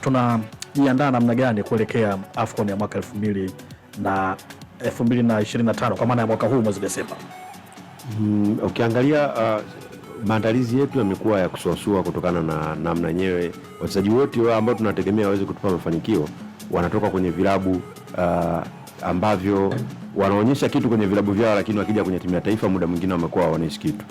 tunajiandaa namna gani kuelekea AFCON ya mwaka elfu mbili na kwa maana ya mwaka huu mwezi Desemba? Mm, ukiangalia uh, maandalizi yetu yamekuwa ya kusuasua kutokana na namna yenyewe wachezaji wote ambao tunategemea waweze kutupa mafanikio wanatoka kwenye vilabu uh, ambavyo wanaonyesha kitu kwenye vilabu vyao, lakini wakija kwenye timu ya taifa muda mwingine wamekuwa waonyeshi kitu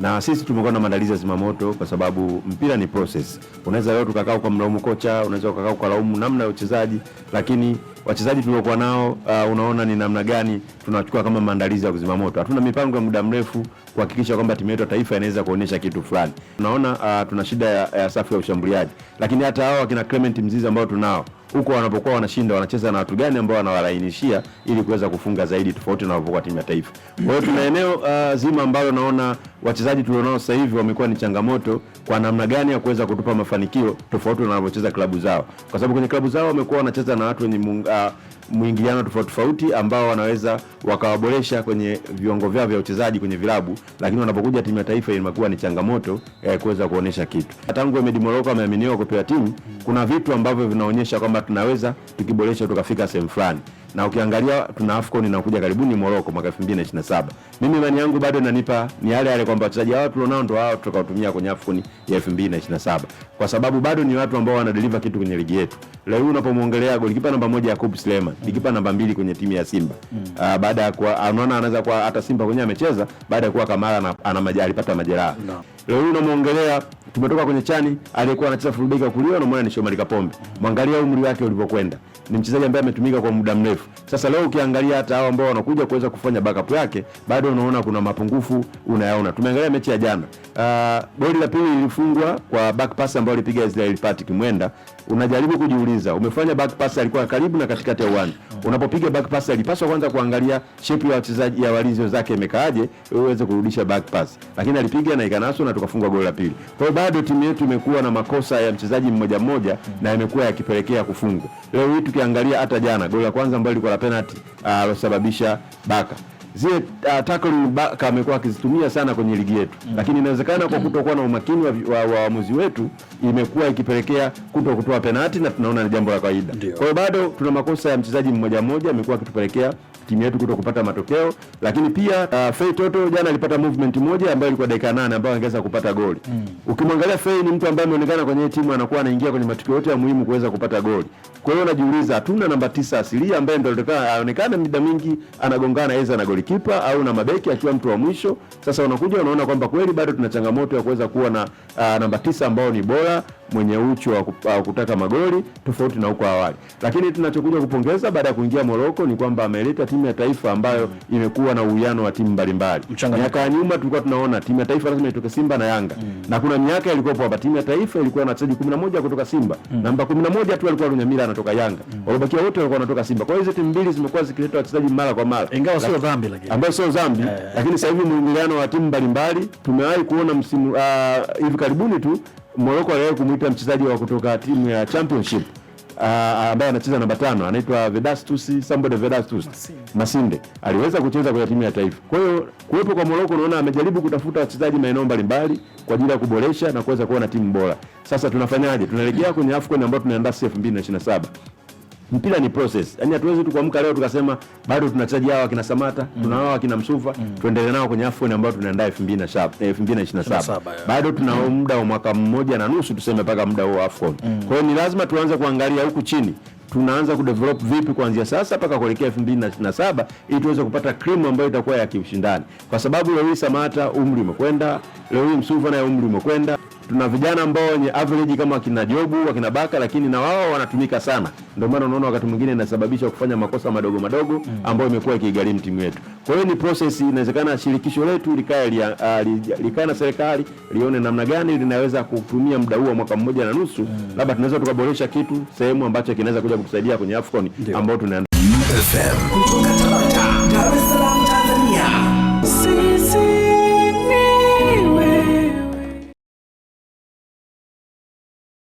na sisi tumekuwa na maandalizi ya zimamoto kwa sababu mpira ni process. Unaweza leo tukakaa ukamlaumu kocha, unaweza ukakaa ukalaumu namna ya uchezaji, lakini wachezaji tuliokuwa nao uh, unaona ni namna gani tunachukua kama maandalizi ya kuzima moto. Hatuna mipango ya muda mrefu kuhakikisha kwamba timu yetu ya taifa inaweza kuonyesha kitu fulani. Unaona uh, tuna shida ya, ya safu ya ushambuliaji, lakini hata hao akina Clement Mzizi ambao tunao huko wanapokuwa wanashinda wanacheza na watu gani ambao wanawalainishia ili kuweza kufunga zaidi, tofauti na wanapokuwa timu ya taifa. Kwa hiyo tuna eneo uh, zima ambalo naona wachezaji tulionao sasa hivi wamekuwa ni changamoto kwa namna gani ya kuweza kutupa mafanikio tofauti na wanavyocheza klabu zao, kwa sababu kwenye klabu zao wamekuwa wanacheza na watu wenye uh, mwingiliano tofauti tofauti ambao wanaweza wakawaboresha kwenye viwango vyao vya uchezaji kwenye vilabu, lakini wanapokuja timu ya taifa imekuwa ni changamoto eh, kuweza kuonesha kitu. Tangu Ahmed Morocco ameaminiwa kupewa timu, kuna vitu ambavyo vinaonyesha kwamba kwamba tunaweza tukiboresha tukafika sehemu fulani, na ukiangalia tuna AFCON inakuja karibuni Moroko mwaka 2027. Mimi imani yangu bado inanipa ni yale yale kwamba wachezaji hao tulionao ndio hao tutakaotumia kwenye AFCON ya 2027, kwa sababu bado ni watu ambao wanadeliver kitu kwenye ligi yetu. Leo unapomwongelea golikipa namba moja Yakub Suleiman, mm. golikipa namba mbili kwenye timu ya Simba mm. Uh, baada ya kuwa anaona anaweza kuwa hata Simba kwenye amecheza baada ya kuwa Kamara ana, ana, ana, alipata majeraha no. Leo unamwongelea tumetoka kwenye chani, aliyekuwa anacheza fullback wa kulia na mwana ni Shomari Kapombe. Mwangalia umri wake ulivyokwenda ni mchezaji ambaye ametumika kwa muda mrefu. Sasa leo ukiangalia hata hao ambao wanakuja kuweza kufanya backup yake, bado unaona kuna mapungufu unayaona. Tumeangalia mechi ya jana, uh, goli la pili lilifungwa kwa back pass ambayo alipiga Israel Patrick Mwenda. Unajaribu kujiuliza, umefanya back pass, alikuwa karibu na katikati ya uwanja. Unapopiga back pass, alipaswa kwanza kuangalia shape ya wachezaji ya walinzi wenzake imekaaje, uweze kurudisha back pass, lakini alipiga na ikanaso na tukafunga goli la pili. Kwa hiyo bado timu yetu imekuwa na makosa ya mchezaji mmoja mmoja na imekuwa yakipelekea kufungwa. Leo hii ukiangalia hata jana goli la kwanza ambalo lilikuwa la penalty alosababisha ah, Baka zile uh, tackle Baka amekuwa akizitumia sana kwenye ligi yetu mm. Lakini inawezekana kwa kutokuwa na umakini wa waamuzi wetu imekuwa ikipelekea kuto kutoa penalti na tunaona ni jambo la kawaida. Kwa hiyo bado tuna makosa ya mchezaji mmoja mmoja amekuwa akitupelekea timu yetu kuto kupata matokeo, lakini pia uh, Fei Toto jana alipata movement moja ambayo ilikuwa dakika nane ambayo angeweza kupata goli mm. Ukimwangalia Fei ni mtu ambaye ameonekana kwenye timu anakuwa anaingia kwenye matukio yote ya muhimu kuweza kupata goli. Kwa hiyo unajiuliza, hatuna namba tisa asilia ambaye ndio alitokana aonekane mida mingi anagongana aidha na golikipa au na mabeki akiwa mtu wa mwisho. Sasa unakuja unaona kwamba kweli bado tuna changamoto ya kuweza kuwa na uh, namba tisa ambao ni bora mwenye ucho wa kutaka magoli tofauti na huko awali, lakini tunachokuja kupongeza baada ya kuingia Moroko ni kwamba ameleta timu timu ya taifa ambayo mm. imekuwa na uwiano wa timu mbalimbali. Miaka ya nyuma tulikuwa tunaona timu ya taifa lazima itoke Simba na Yanga mm. na kuna miaka ilikuwa hapa timu ya taifa ilikuwa na wachezaji 11 kutoka Simba mm. namba 11 tu alikuwa Lunyamira anatoka Yanga mm. walobakia wote walikuwa wanatoka Simba. Kwa hiyo hizo timu mbili zimekuwa zikileta wachezaji mara kwa mara, ingawa sio dhambi lakini ambayo sio dhambi yeah, yeah. Lakini sasa hivi mwingiliano wa timu mbalimbali tumewahi kuona msimu ah, hivi uh, karibuni tu Moroko aliwahi kumuita mchezaji wa kutoka timu ya championship Ah, ah, ambaye anacheza namba tano anaitwa Vedastus Sambode Vedastus Masinde. Masinde aliweza kucheza kwenye timu ya taifa. Kwa hiyo kuwepo kwa moroko unaona amejaribu kutafuta wachezaji maeneo mbalimbali kwa ajili ya kuboresha na kuweza kuwa na timu bora. Sasa tunafanyaje? Tunaelekea kwenye AFCON ambayo tunaandaa 2027 mpira ni process. Yaani hatuwezi tu kuamka leo tukasema bado tunachaji hawa kina Samata, mm. tuna hawa kina Msufa, mm. tuendelee nao kwenye AFCON ambayo tunaandaa 2027. Eh, bado tuna mm. muda wa mwaka mmoja na nusu tuseme mpaka muda huo AFCON. Mm. Kwa hiyo ni lazima tuanze kuangalia huku chini tunaanza kudevelop vipi kuanzia sasa mpaka kuelekea 2027 ili tuweze kupata cream ambayo itakuwa ya kiushindani, kwa sababu leo hii Samata umri umekwenda, leo hii Msufa naye umri umekwenda tuna vijana ambao wenye average kama wakina Jobu wakina Baka, lakini na wao wanatumika sana. Ndio maana unaona wakati mwingine inasababisha kufanya makosa madogo madogo mm. ambayo imekuwa ikigharimu timu yetu. Kwa hiyo ni process, inawezekana shirikisho letu likae ah, likae na serikali lione namna gani linaweza kutumia muda huo mwaka mmoja na nusu, mm. labda tunaweza tukaboresha kitu sehemu ambacho kinaweza kuja kutusaidia kwenye AFCON ambao tunaandaa.